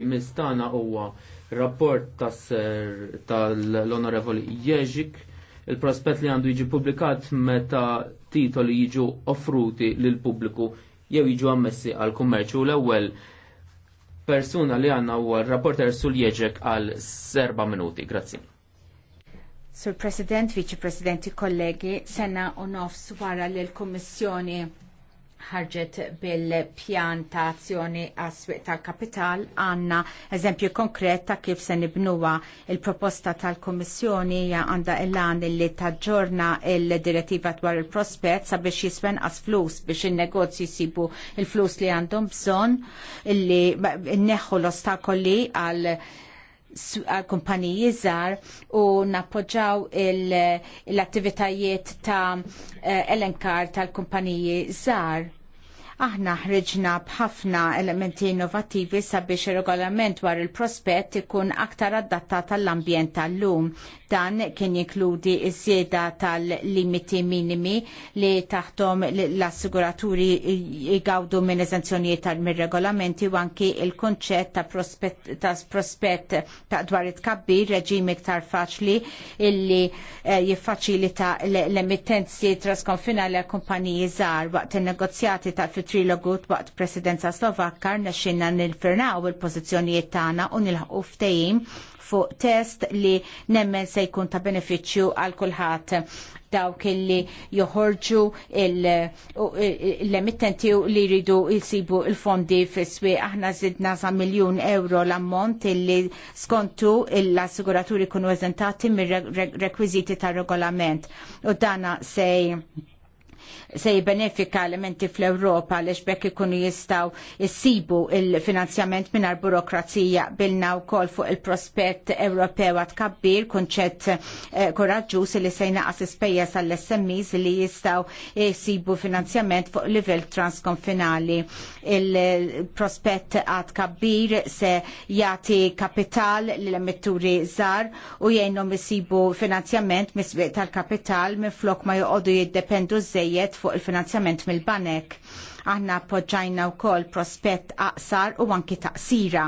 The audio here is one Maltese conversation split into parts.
mistana huwa rapport tal-Onorevoli Jeġik, il-prospett li għandu jiġi publikat meta titoli jiġu offruti lil pubbliku jew jiġu ammessi għal kummerċu l-ewwel persuna li għanna huwa rapporter sul Jeġek għal serba minuti. Grazzi. Sur President, Vice Presidenti, kollegi, sena u nofs wara l-Kommissjoni ħarġet bil-pjan ta' azzjoni għas-swieq tal-kapital għandna eżempju konkret ta' kif se nibnuwa il-proposta tal-Kommissjoni għandha il-għan li taġġorna il-direttiva dwar il-prospett sabiex jiswen għas flus biex il-negozji jisibu il-flus li għandhom bżon illi neħħu l-ostakoli għal għal kumpaniji żgħar u nappoġġaw l-attivitajiet ta' elenkar eh, tal-kumpaniji żgħar Aħna ħriġna bħafna elementi innovativi sabiex ir-regolament dwar il-prospett ikun aktar adattat tal-ambjent tal-lum. Dan kien jinkludi iż-żieda tal-limiti minimi li taħtom l-assiguraturi jgawdu minn eżenzjonijiet tal-mir-regolamenti u anki il-konċett ta' prospett ta' prospett ta' dwar it-kabbir reġim iktar faċli illi eh, jiffaċilita l-emittenzi trasconfinali l kumpaniji żgħar waqt in-negozjati tal fit-trilogu waqt presidenza Slovakka rnexxinna nilfernaw il-pożizzjonijiet tagħna u nilħqu ftehim fuq test li nemmen se jkun ta' benefiċċju għal kulħadd dawk li joħorġu l-emittenti li jridu jisibu il-fondi fiswi Aħna zidna sa' miljon euro l-ammont li skontu l-assiguraturi kunu eżentati mir-rekwiziti tar regolament U dana sej se jibbenefika elementi fl-Ewropa li xbek ikunu jistaw jissibu il-finanzjament minar burokrazija bilna u kol fuq il-prospett Ewropew għat kabbir kunċet eh, koraġġus li sejna għasispeja sal smis li jistaw jissibu finanzjament fuq livell transkonfinali. Il-prospett għat kabbir se jati kapital l-emitturi zar u jgħinom jissibu finanzjament misbiq tal-kapital minn flok ma joqodu jiddependu zzej biżejjed fuq il-finanzjament mill-banek. Aħna appoġġajna wkoll prospett aqsar u anki taqsira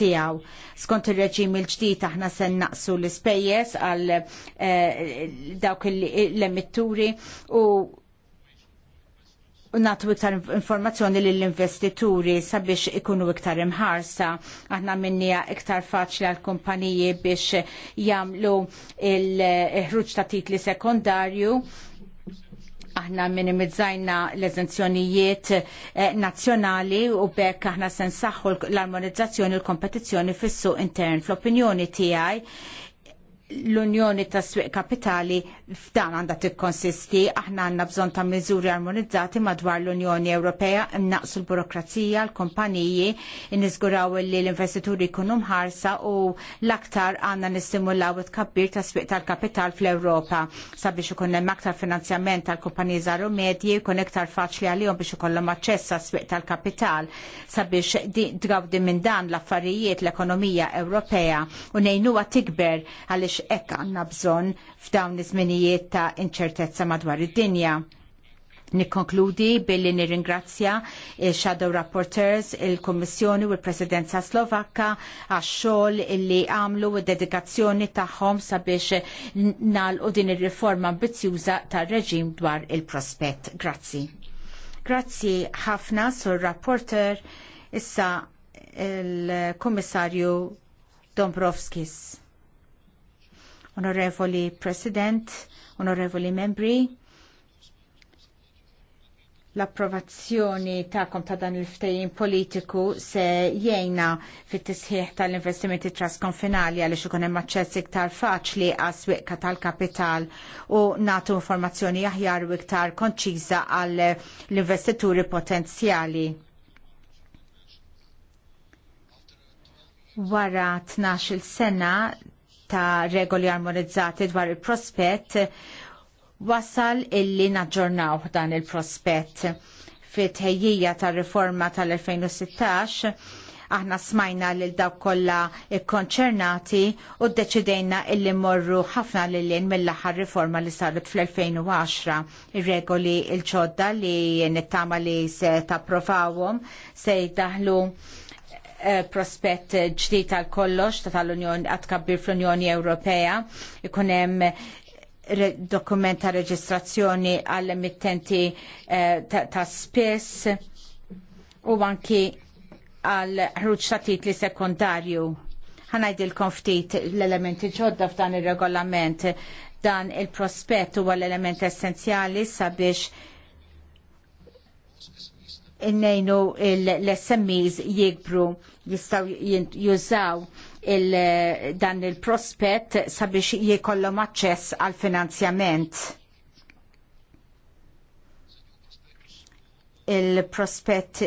tiegħu. Skont ir-reġim il ġdid aħna se naqsu l-ispejjeż għal eh, dawk l-emitturi u natu iktar informazzjoni lill-investituri sabiex ikunu iktar imħarsa. Aħna minnija iktar faċli għal kumpaniji biex jamlu il-ħruġ ta' titli sekondarju aħna minimizzajna l-eżenzjonijiet eh, nazzjonali u bekk aħna sensaħħu l-armonizzazzjoni u l-kompetizzjoni fis-suq intern. Fl-opinjoni tiegħi l-Unjoni tas-Swieq Kapitali f'dan għandha tikkonsisti aħna għandna bżonn ta' miżuri armonizzati madwar l-Unjoni Ewropea naqsu l-burokrazija, l-kumpaniji, inniżguraw li l-investituri jkunu mħarsa u l-aktar għandna nistimulaw it-kabbir ta' swieq tal-kapital fl-Ewropa sabiex ikun hemm aktar finanzjament tal-kumpaniji żaru medji jkun iktar faċli għalihom biex ikollhom aċċess għas swieq tal-kapital sabiex tgawdi minn dan l-affarijiet l-ekonomija Ewropea u ngħinuha tikber għaliex hekk għandna bżonn f'dawn iż-żminijiet f'żminijiet ta' inċertezza madwar id-dinja. Nikkonkludi billi nirringrazzja il-Shadow Rapporteurs, il-Kommissjoni u l-Presidenza Slovakka għax xogħol illi għamlu u dedikazzjoni tagħhom sabiex nagħlqu din ir-riforma ambizzjuża tar-reġim dwar il-prospett. Grazzi. Grazzi ħafna sur rapporter issa il-Kommissarju Dombrovskis. Onorevoli President, onorevoli membri, l-approvazzjoni ta'kom ta' dan il-ftejjin politiku se jgħina fit tisħiħ tal-investimenti trasconfinali għaliex ikun hemm aċċess iktar faċli għas wieqka tal-kapital u nagħtu informazzjoni aħjar u iktar konċiża għal l-investituri potenzjali. Wara 12 sena ta' regoli armonizzati dwar il-prospett wasal illi naġġornaw dan il-prospett. Fit ħejjija ta' riforma tal-2016 aħna smajna lil daw kollha ikkonċernati u ddeċidejna illi morru ħafna l lin mill-aħħar riforma li saret fl-2010. Ir-regoli l ċodda li nittama li se profawum se jdaħlu Eh, prospett ġdid tal-kollox tal-Unjoni għatkabbir fl-Unjoni Ewropea ikun hemm dokument ta' reġistrazzjoni għall-emittenti eh, ta' spess u anki għal ħruġ ta' titli sekundarju. Ħanajdilkom ftit l-elementi ġodda f'dan ir regolament dan il-prospett huwa l-element essenzjali sabiex innejnu l-SMEs jikbru jistaw jużaw il dan il-prospett sabiex jikollhom aċċess għal finanzjament. il prospet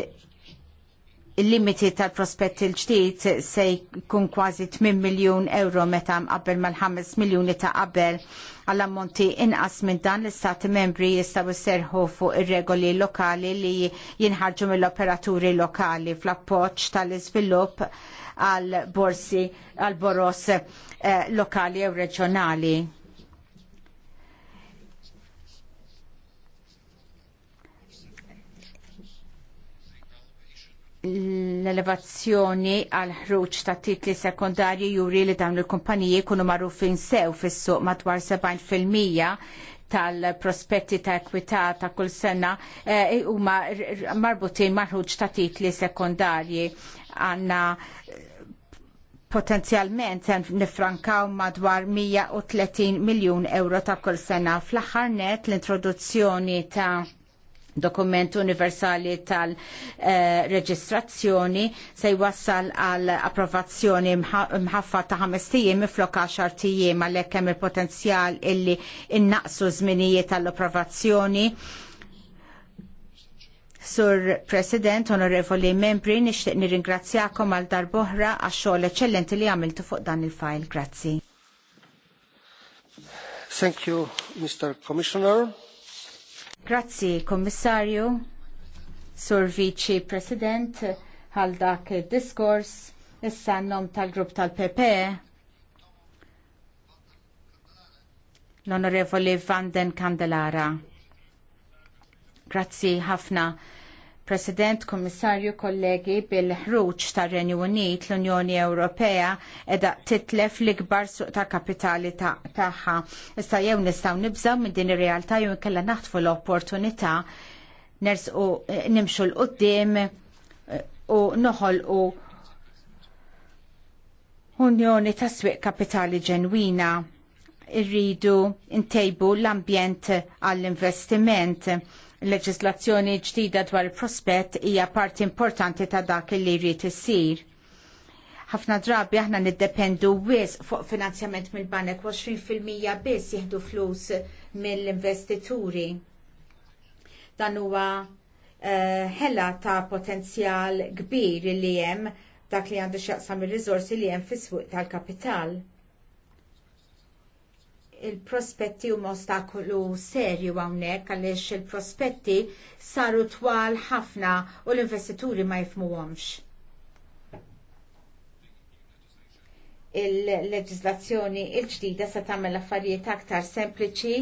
il-limiti tal-prospett il-ġdid se jkun kważi 8 miljun euro meta mqabbel mal-5 miljuni ta' qabel għall ammonti inqas minn dan l-istati membri jistgħu jserħu fuq ir-regoli lokali li jinħarġu mill-operaturi lokali fl-appoġġ tal-iżvilupp għal borsi għal boros eh, lokali jew reġjonali. l-elevazzjoni għal ħruġ ta' titli sekondarji juri li dawn il-kumpaniji kunu marrufin sew fis-suq madwar 70% tal-prospetti ta' ekwita ta' kull sena eh, huma e, marbutin ma' ta' titli sekondarji għandna potenzjalment nifrankaw madwar 130 miljun euro ta' kull sena. Fl-aħħar net l-introduzzjoni ta' dokument universali tal-reġistrazzjoni se jwassal għal approvazzjoni mħaffa ta' ħamestijiem tijiem miflok 10 tijiem għalhekk hemm il-potenzjal illi innaqsu żminijiet tal-approvazzjoni. Sur President, onorevoli membri, nixtieq nirringrazzjakom għal darboħra għax xogħol eċċellenti li għamiltu fuq dan il-fajl. Grazzi. Thank you, Mr. Commissioner. Grazzi, Kommissarju, Sur Vici President, għal dak diskors, issa n-nom tal-grupp tal-PPE. L-Onorevoli Vanden Candelara. Grazzi ħafna. President, Kommissarju, kollegi, bil-ħruġ tar renju Unit l-Unjoni Ewropea edha titlef l-ikbar suq ta' kapitali tagħha. Issa jew nistgħu nibżgħu minn din ir-realtà jew inkella naħtfu l-opportunità nersqu eh, nimxu l qudiem eh, u noħolqu Unjoni ta' Swieq Kapitali Ġenwina irridu ntejbu l-ambjent għall-investiment Leġislazzjoni ġdida dwar il-prospett hija parti importanti ta' dak li jrid issir. Ħafna drabi aħna niddependu wis fuq finanzjament mill-banek 20% biss jieħdu flus mill-investituri. Dan huwa eh, ħella uh, ta' potenzjal kbir li hemm dak li għandu xaqsam ir-riżorsi li hemm fis-suq tal-kapital il-prospetti huma ostakolu serju hawnhekk għaliex il-prospetti saru twal ħafna u l-investituri ma jifmuhomx. il leġiżlazzjoni il-ġdida se tagħmel affarijiet aktar sempliċi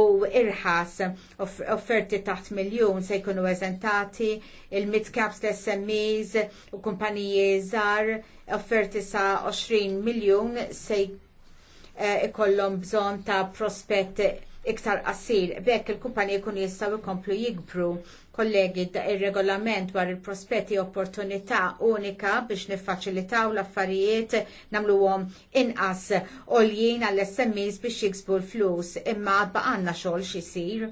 u irħas offerti taħt miljon se jkunu eżentati il-midcaps l-SMEs u kumpaniji żgħar offerti sa 20 miljon se Eh, ikollhom bżonn ta' prospett iktar qasir. Bekk il-kumpaniji kun jistgħu jkomplu jikbru. Kollegi, ir-regolament dwar il-prospetti opportunità unika biex niffaċilitaw l-affarijiet nagħmluhom inqas l-jien għall smis biex jiksbu l-flus imma baqanna xogħol xisir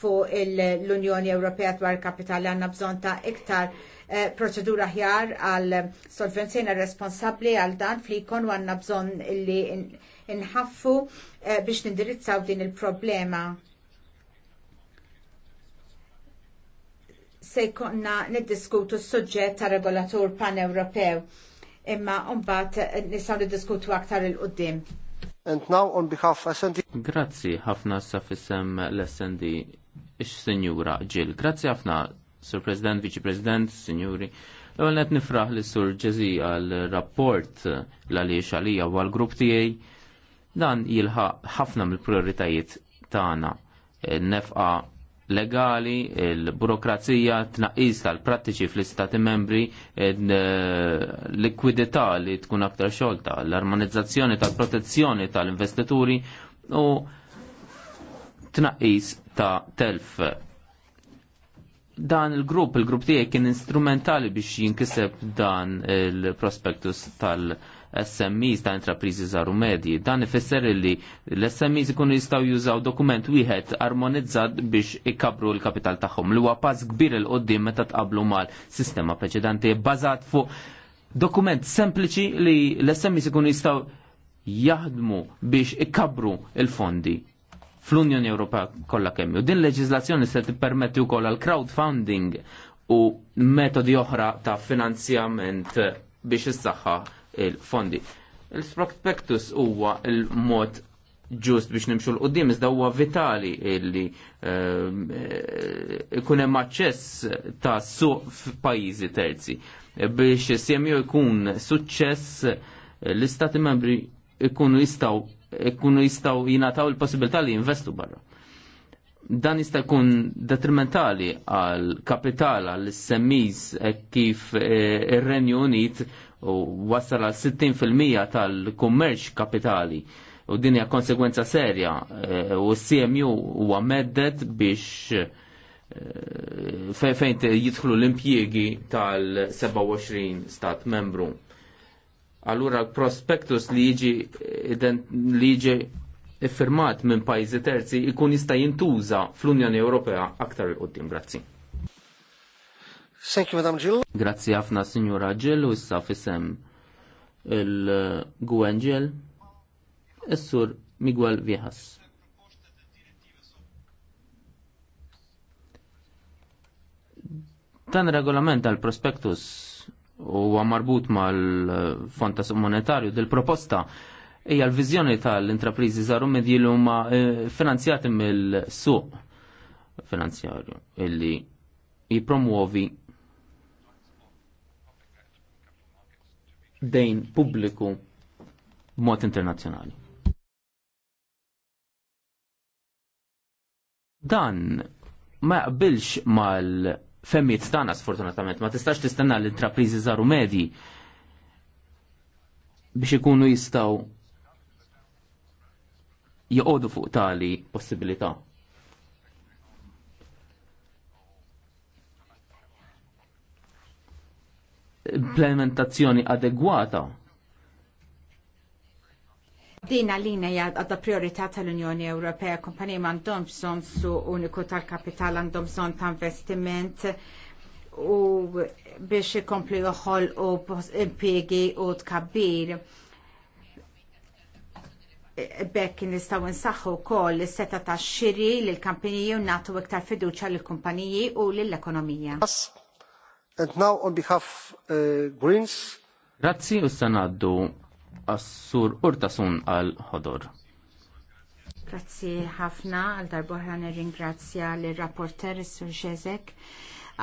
fuq l-Unjoni Ewropea dwar kapitali għandna bżonn ta' iktar eh, proċedura ħjar għal solvenzjoni responsabbli għal dan fl-ikon għandna bżonn li nħaffu eh, biex nindirizzaw din il-problema. Se jkollna niddiskutu s-suġġett ta' regolatur pan-Ewropew imma mbagħad eh, nistgħu niddiskutu aktar il qudiem And now on behalf of SND. Grazzi ħafna s fissem l-SND ix-Sinjura Ġil. Grazzi ħafna Sur President, Viċi President, Sinjuri. l għal net nifraħ li Sur Ġezi għal rapport l-għaliex għalija u għal grupp tijaj Dan jilħaq ħafna mill-prioritajiet tagħna eh, nefqa legali, il-burokrazija, tnaqqis tal-prattiċi fl-istati membri, l eh, likwidità li tkun aktar xolta, l-armonizzazzjoni tal-protezzjoni tal-investituri u tnaqqis ta' telf dan il-grupp, il-grupp tijek kien instrumentali biex jinkiseb dan il-prospektus tal- SMEs ta' intrapriżi żaru medji. Dan ifisser li l-SMEs ikunu jistgħu jużaw dokument wieħed armonizzat biex ikabru l-kapital tagħhom. Li huwa pass kbir il qoddim meta tqablu mal-sistema preċedenti bbażat fuq dokument sempliċi li l-SMEs ikunu jistgħu jaħdmu biex ikabru il-fondi fl-Unjoni Ewropea kollha kemm. U din leġiżlazzjoni se tippermetti wkoll għal crowdfunding u metodi oħra ta' finanzjament biex is-saħħa il-fondi. Il-prospektus huwa il-mod ġust biex nimxu l-qoddim, iżda huwa vitali illi ehm, eh, ikun hemm aċċess ta' suq f'pajjiżi terzi. Biex semju jkun suċċess l-istati membri ikunu jistaw ikunu jistaw jinataw il-possibilità li jinvestu barra. Dan jista' jkun detrimentali għal kapital għal semmiż eh, kif eh, ir-Renju Unit u wassal għal 60% tal-kummerċ kapitali u dinja konsekwenza serja eh, u s-CMU huwa meddet biex eh, fejn jidħlu l-impjiegi tal-27 stat membru. Allura prospektus li jiġi li jiġi iffirmat minn pajjiżi terzi jkun jista' jintuża fl-Unjoni Ewropea aktar il qoddim Grazzi. Thank you, Madam Jill. Grazzi ħafna, Signora Jill, u issa fissem il-Gwen Jill, il sur Miguel Viejas. Dan regolament għal prospektus u marbut mal fonta Monetarju dil-proposta hija l-viżjoni tal-intrapriżi żaru medji li huma eh, finanzjati mill-suq finanzjarju illi jipromuovi dejn pubbliku b'mod internazzjonali. Dan ma jaqbilx mal-femmiet tana sfortunatament, ma tistax tistenna l-intrapriżi żaru medji biex ikunu jistaw joqogħdu fuq tali possibilità. implementazzjoni adegwata. Dina l-lina għadda priorità tal-Unjoni Ewropea, kumpanija għandhom bżon su uniku tal-kapital għandhom bżon ta' investiment u biex ikompli uħol u impiegi u tkabbir. Bekk nistaw nsaxħu kol l-seta ta' xiri l-kampaniji u natu iktar fiduċa l-kumpaniji u l-ekonomija. And now on behalf uh, Greens. Grazzi u sanaddu għassur urtasun għal ħodor. Grazzi ħafna għal darbohra nirringrazzja l-rapporter Sur Xezek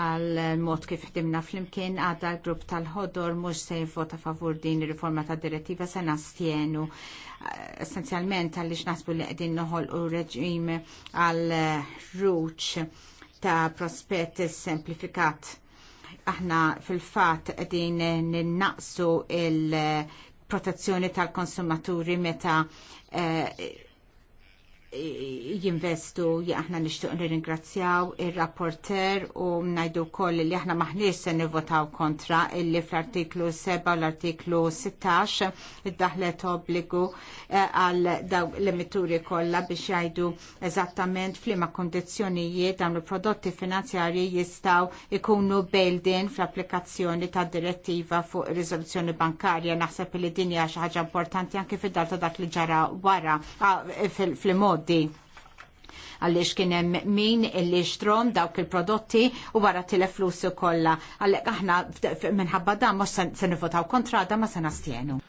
għal mod kif ħdimna fl-imkien għadha l-grupp tal-ħodor mhux se jivvota favur din ir-riforma tad direttiva se nastjenu eh, essenzjalment għaliex naħsbu li qegħdin noħolqu reġim għal ruċ ta' prospett semplifikat aħna fil-fat din ninnaqsu il-protezzjoni tal-konsumaturi meta eh, jinvestu, aħna nishtuq nirringrazzjaw il-rapporter u najdu koll li aħna maħniex se nivvotaw kontra illi fl-artiklu 7 u l-artiklu 16 id-daħlet obbligu eh, għal daw l-emituri kollha biex jgħidu eżattament flima kondizjonijiet dawn il-prodotti finanzjarji jistaw ikunu bail-in fl-applikazzjoni ta' direttiva fuq riżoluzzjoni bankarja naħseb li din hija xi ħaġa importanti anke fid-dal ta' dak li ġara wara ah, fil-mod frodi għalliex kienem min illi xtrom dawk il-prodotti u wara tile-flus u kolla. aħna minħabba da mhux se nivotaw kontra da ma se nastienu.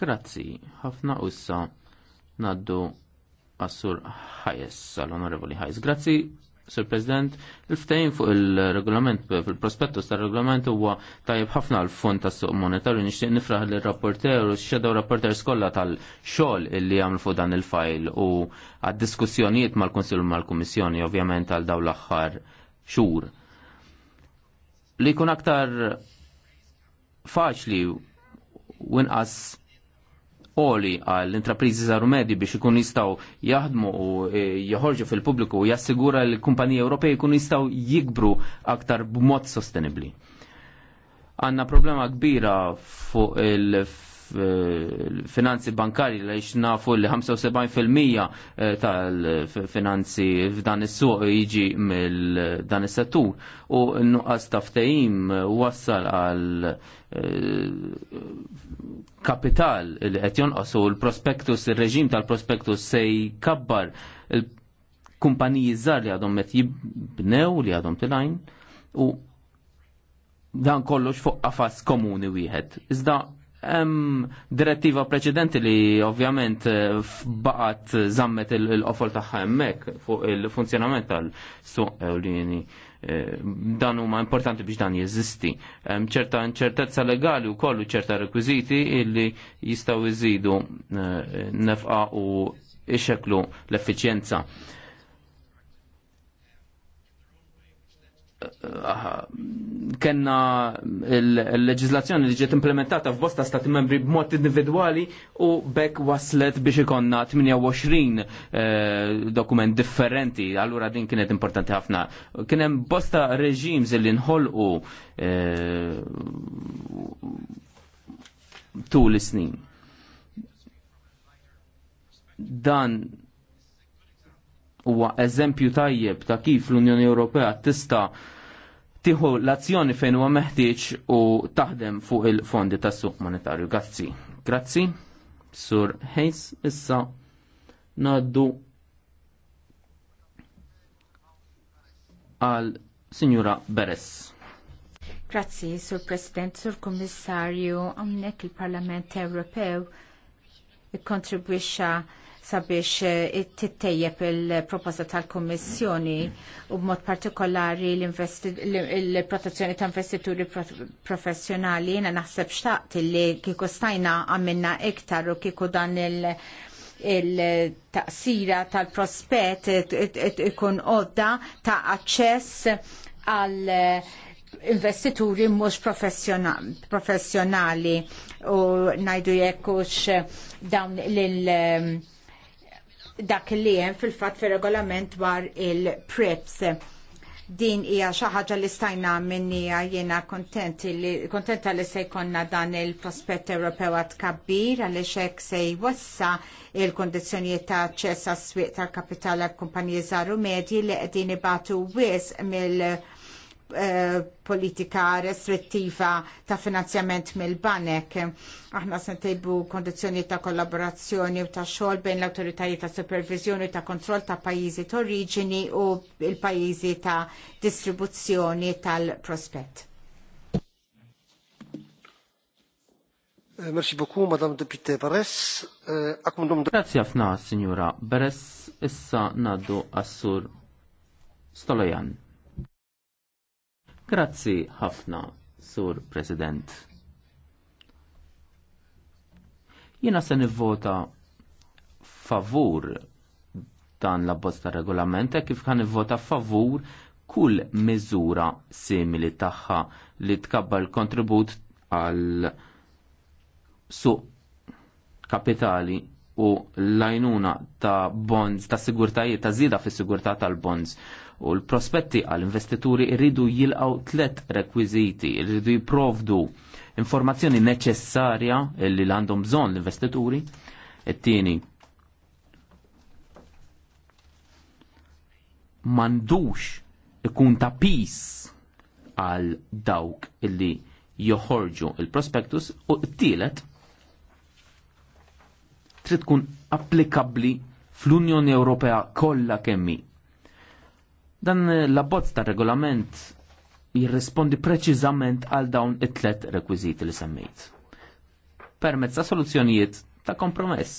Grazzi, ħafna ussa naddu għassur ħajes, għall-onorevoli ħajes. Grazzi, Sir President, il-ftejn fuq il-regolament, fil-prospettus tal-regolament huwa tajib ħafna l-fond tas suq monetarju nixtieq nifraħ l rapporter u x-shadow rapporter skolla tal-xogħol illi għamlu fuq dan il-fajl u għad-diskussjonijiet mal-Konsil mal-Kummissjoni ovvjament għal dawn l-aħħar xhur. Li jkun aktar faċli u inqas oli għall intrapriżi żaru medji biex ikun jistgħu jaħdmu u e, joħorġu fil-pubbliku u jassigura l-kumpaniji Ewropej ikun jistgħu jikbru aktar b'mod sostenibbli. Għandna problema kbira fuq il finanzi bankari li nafu li 75% eh, tal-finanzi f'dan is-suq jiġi mill dan is-settur u n-nuqqas taftajim wassal għal eh, kapital li qed jonqos u l-prospektus, ir-reġim tal-prospektus se jkabbar kumpaniji żgħar li għadhom qed jibnew li għadhom tilajn u dan kollox fuq qafas komuni wieħed. Iżda Hemm direttiva preċedenti li ovvjament eh, f'baqat zammet il-qofol tagħha hemmhekk fuq il-funzjonament tal-suq ewlieni. Eh, dan huma importanti biex dan jeżisti. Hemm ċerta inċertezza legali u kollu ċerta rekwiżiti illi jistgħu jżidu eh, nefqa u ixeklu l-effiċjenza. kena il-leġizlazzjoni li ġiet implementata f'bosta stati membri b'mod individwali u bekk waslet biex ikonna 28 eh, dokument differenti, allura din kienet importanti ħafna. Kien hemm bosta reġims li nħolqu eh, tul is-snin. Dan huwa eżempju tajjeb ta' kif l-Unjoni Ewropea tista' tieħu l-azzjoni fejn huwa meħtieġ u taħdem fuq il-fondi tas-suq monetarju. Grazzi. Grazzi. Sur Hayes issa naddu għal Signora Beres. Grazzi, Sur President, Sur Kommissarju, għamnek il-Parlament Ewropew ikkontribwixxa sabiex eh, tittejjeb il-proposta tal-Kommissjoni u b'mod partikolari l-protezzjoni ta' investituri professjonali jena naħseb xtaqt li kiku stajna għamilna iktar u kiku dan il- il-taqsira tal-prospett ikun odda ta' aċċess għal eh, investituri mhux professjonali u ngħidu jekkux eh, dawn lil dak li hemm fil-fatt fir-regolament dwar il-PREPS. Din hija xi ħaġa li stajna minnija jiena kontenta li se jkollna dan il-prospett Ewropew għad kabbir għaliex hekk se jwassa il-kondizzjonijiet ta' aċċess għas-swieq tal-kapital għal kumpaniji żgħar u medji li qegħdin ibatu wisq mill- Eh, politika restrittiva ta' finanzjament mill-banek. Aħna sentejbu kondizjoni ta' kollaborazzjoni u ta' xogħol bejn l-autoritajiet ta' supervizjoni ta' kontroll ta' pajjiżi ta' oriġini u l-pajjiżi ta' distribuzzjoni tal-prospett. Eh, merci beaucoup, Madame Depute Beres. Eh, Grazie għafna, Signora Beres. Issa naddu assur Stolojan. Grazzi ħafna, Sur President. Jiena se nivvota favur dan l-abbozz ta' regolament e kif kan nivvota favur kull miżura simili tagħha li l kontribut għal suq kapitali u l-lajnuna ta' bonds, ta' sigurtajiet, ta' zida fis sigurtà tal-bonds u l-prospetti għall-investituri irridu jilqaw tlet rekwiziti, irridu jiprovdu informazzjoni neċessarja li għandhom bżon l-investituri, it-tieni mandux ikun ta' pis għal dawk illi joħorġu il-prospektus u t-tielet trid tkun applikabbli fl-Unjoni Ewropea kollha kemmi Dan eh, l-abbozz ta' regolament jirrispondi preċiżament għal dawn it-tlet rekwiżiti li semmejt. Permezz ta' soluzzjonijiet ta' kompromess.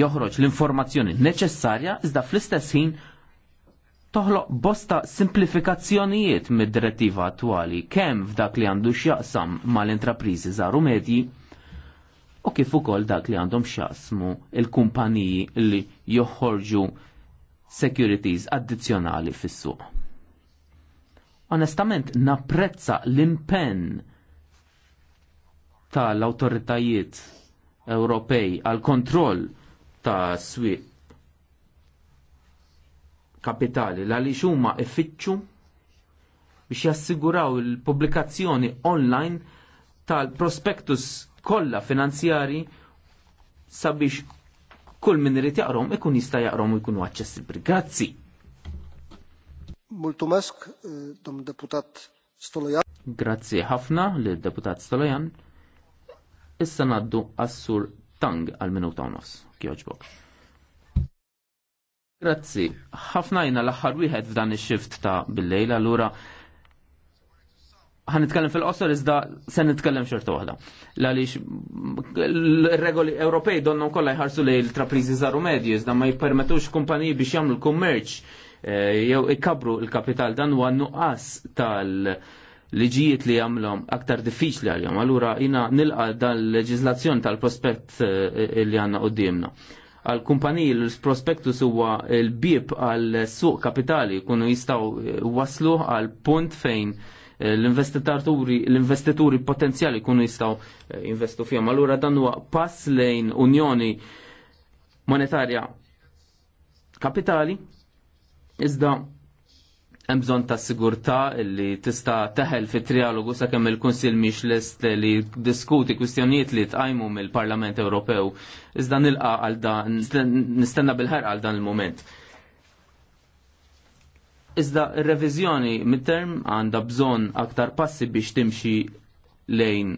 Joħroġ l-informazzjoni neċessarja iżda fl-istess ħin toħloq bosta simplifikazzjonijiet mid-direttiva attwali kemm f'dak li għandu x'jaqsam mal-intrapriżi żaru medji u kif ukoll dak li għandhom xasmu il-kumpaniji li joħorġu securities addizzjonali fis-suq. Onestament, napprezza l-impenn tal-autoritajiet Ewropej għal kontroll ta' swi kapitali la li huma ifittxu biex jassiguraw il-pubblikazzjoni online tal-prospektus Kolla finanzjari sabiex kull min irid jaqrom ikun jista' jaqrom u jkunu aċċessibbli. Grazzi. mask, eh, dom deputat Stolojan. Grazzi ħafna lid deputat Stolojan. Issa naddu għassur tang għal minuta u nos. Kjoġbok. Grazzi, ħafna jina l aħħar wieħed f'dan ix-xift ta' bil-lejla, allura ħan nitkellem fil-qosor iżda se nitkellem xorta waħda. Għaliex l-regoli Ewropej donnu kollha jħarsu li l-trapriżi zaru medju iżda ma jippermetux kumpaniji biex jagħmlu l-kummerċ eh, jew ikabru l-kapital dan huwa nuqqas tal-liġijiet li jagħmlhom aktar diffiċli għalhom. Allura jina nilqa dal-leġiżlazzjoni tal-prospett eh, li għandna qudiemna għal kumpaniji l-prospektus huwa l-bib għal suq kapitali kunu jistaw waslu għal punt fejn l-investituri potenzjali kunu jistaw eh, investu fihom. Allura dan huwa pass lejn Unjoni Monetarja Kapitali iżda hemm bżonn ta' sigurtà li tista' teħel fit trialogu sakemm il-Kunsill mhix lest li diskuti kwistjonijiet li tqajmu mill-Parlament Ewropew. Iżda nilqa' għal dan nistenna bil-ħerqa għal dan il-mument. Iżda ir-reviżjoni mid-term għandha bżonn aktar passi biex timxi lejn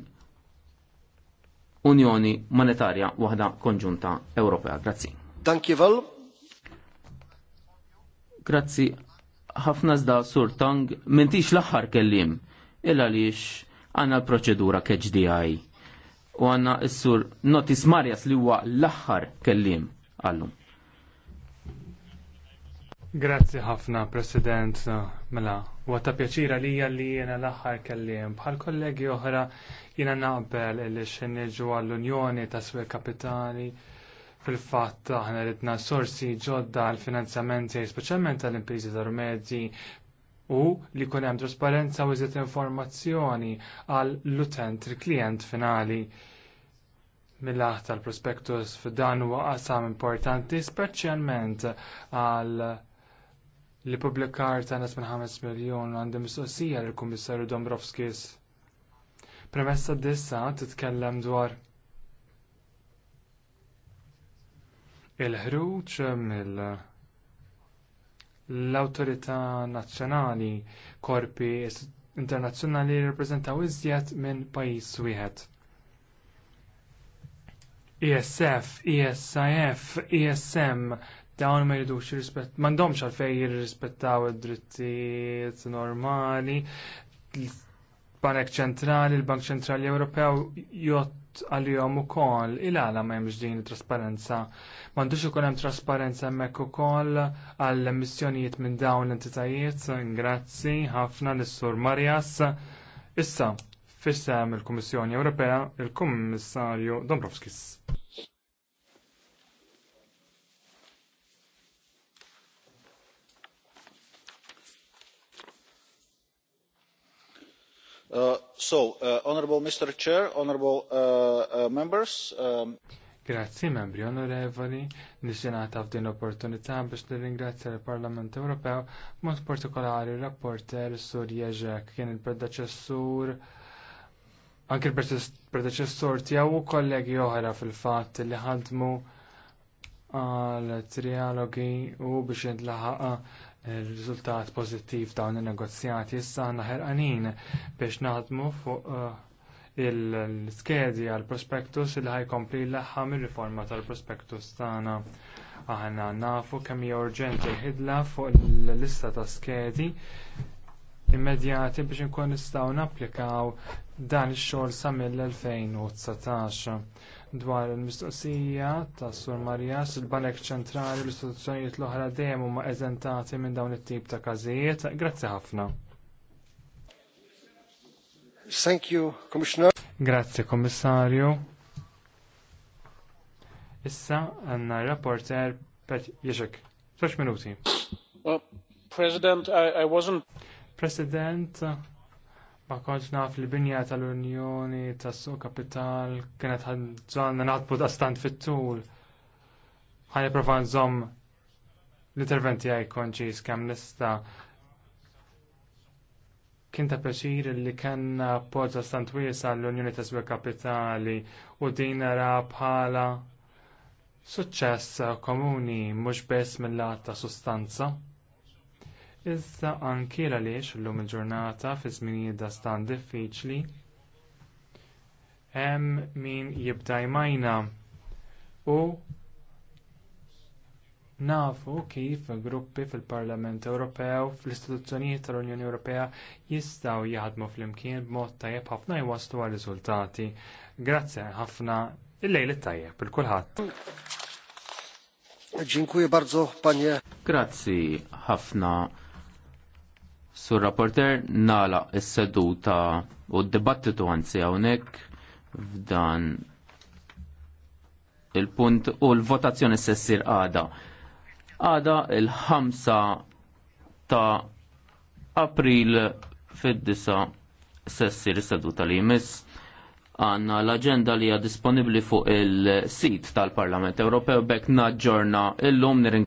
Unjoni Monetarja waħda konġunta Ewropea. Grazzi. Dankjevel. Grazzi ħafna zda sur tang mentix l-aħħar kellim illa lix għanna l-proċedura KHDI u għanna s-sur notis Marjas li huwa l-aħħar kellim għallum. Grazzi ħafna, President. Mela, għata pjaċira li li jena l-axħar kellim. Bħal kollegi oħra jena naqbel li xinniġu għall-Unjoni ta' Swe Kapitali fil-fatt aħna ridna sorsi ġodda għal finanzjamenti speċjalment għall impriżi tar mezzi u li kun hemm trasparenza u iżjed informazzjoni għal utent il-klient finali mill-aħ tal-prospektus f'dan huwa qasam importanti speċjalment għal li publikar ta' nes minn 5 miljon għandi mistoqsija l kummissarju Dombrovskis. Premessa dissa titkellem dwar il-ħruġ mill l-autorità nazzjonali korpi internazzjonali jirrappreżentaw iżjed minn pajjiż wieħed. ISF, ISIF, ISM, dawn ma jridux jirrispett, m'għandhomx għalfejn jirrispettaw id-drittijiet normali. l-Bank ċentrali, il-Bank ċentrali Ewropew jott għal-jom u kol, il-għala ma jemx din trasparenza. Mandux u hemm jem trasparenza hemmhekk u għall-emissjonijiet minn dawn l-entitajiet, ingrazzi, ħafna l-Sur Marjas. Issa, fissa il kummissjoni Ewropea, il-Kommissarju Dombrovskis. Uh, so, uh, honorable Mr. Chair, uh, members. Um, Grazzi membri onorevoli, nixenata f'din l-opportunità biex nirringrazzja l-Parlament Ewropew, mod partikolari rapporter Sur Jeżek kien il-predeċessur anke l predeċessur tiegħu u kollegi oħra fil-fatt li ħadmu għal trialogi u biex jintlaħaqa il-riżultat pożittiv dawn in-negozjati issa għandna ħerqanin biex naħdmu fuq eh, il-skedi għal prospektus il ħajkompli l-ħam il-riforma tal-prospektus tagħna. Aħna nafu kemm hija urġenti l-ħidla fuq l lista ta' skedi immedjati biex inkun nistgħu napplikaw dan ix-xogħol sa mill-2019 dwar il-mistoqsija ta' Sur Marjas il-Banek ċentrali l-istituzzjonijiet l-oħra dejjem huma eżentati minn dawn it-tip ta' każijiet. Grazzi ħafna. Thank you, Commissioner. Grazzi, Kommissarju. Issa għanna rapporter Pet Jeżek. Tlex minuti. President, I, I wasn't. President, ma konċ naf li binja tal-Unjoni tas-suq kapital kienet ħadżonna naħdbu da' stand fit-tul. Ħani prova nżomm l-interventi għaj konċis kemm nista' kien ta' pjaċir li kellna appoġġa stand wiesa l-Unjoni ta' suq Kapitali u din ra bħala suċċess komuni mhux biss mill-lat ta' sustanza. Iżda anki għaliex illum il-ġurnata fi żminijiet da stan diffiċli hemm min jibda jmajna u nafu kif gruppi fil-Parlament Ewropew fl-istituzzjonijiet tal-Unjoni Ewropea jistgħu jaħdmu flimkien b'mod tajjeb ħafna jwasslu għal riżultati. Grazzi ħafna il-lejl tajjeb il kulħadd. Dziękuję bardzo, panie. Grazzi ħafna Sur rapporter nala is-seduta u d-dibattitu għanzi hawnhekk f'dan il-punt u l-votazzjoni s-sessir għada. Għada il-5 ta' april fid-disa sessir seduta li jmiss għanna l-agenda li hija disponibli fuq il-sit tal-Parlament Ewropew bekk naġġorna il-lum nirin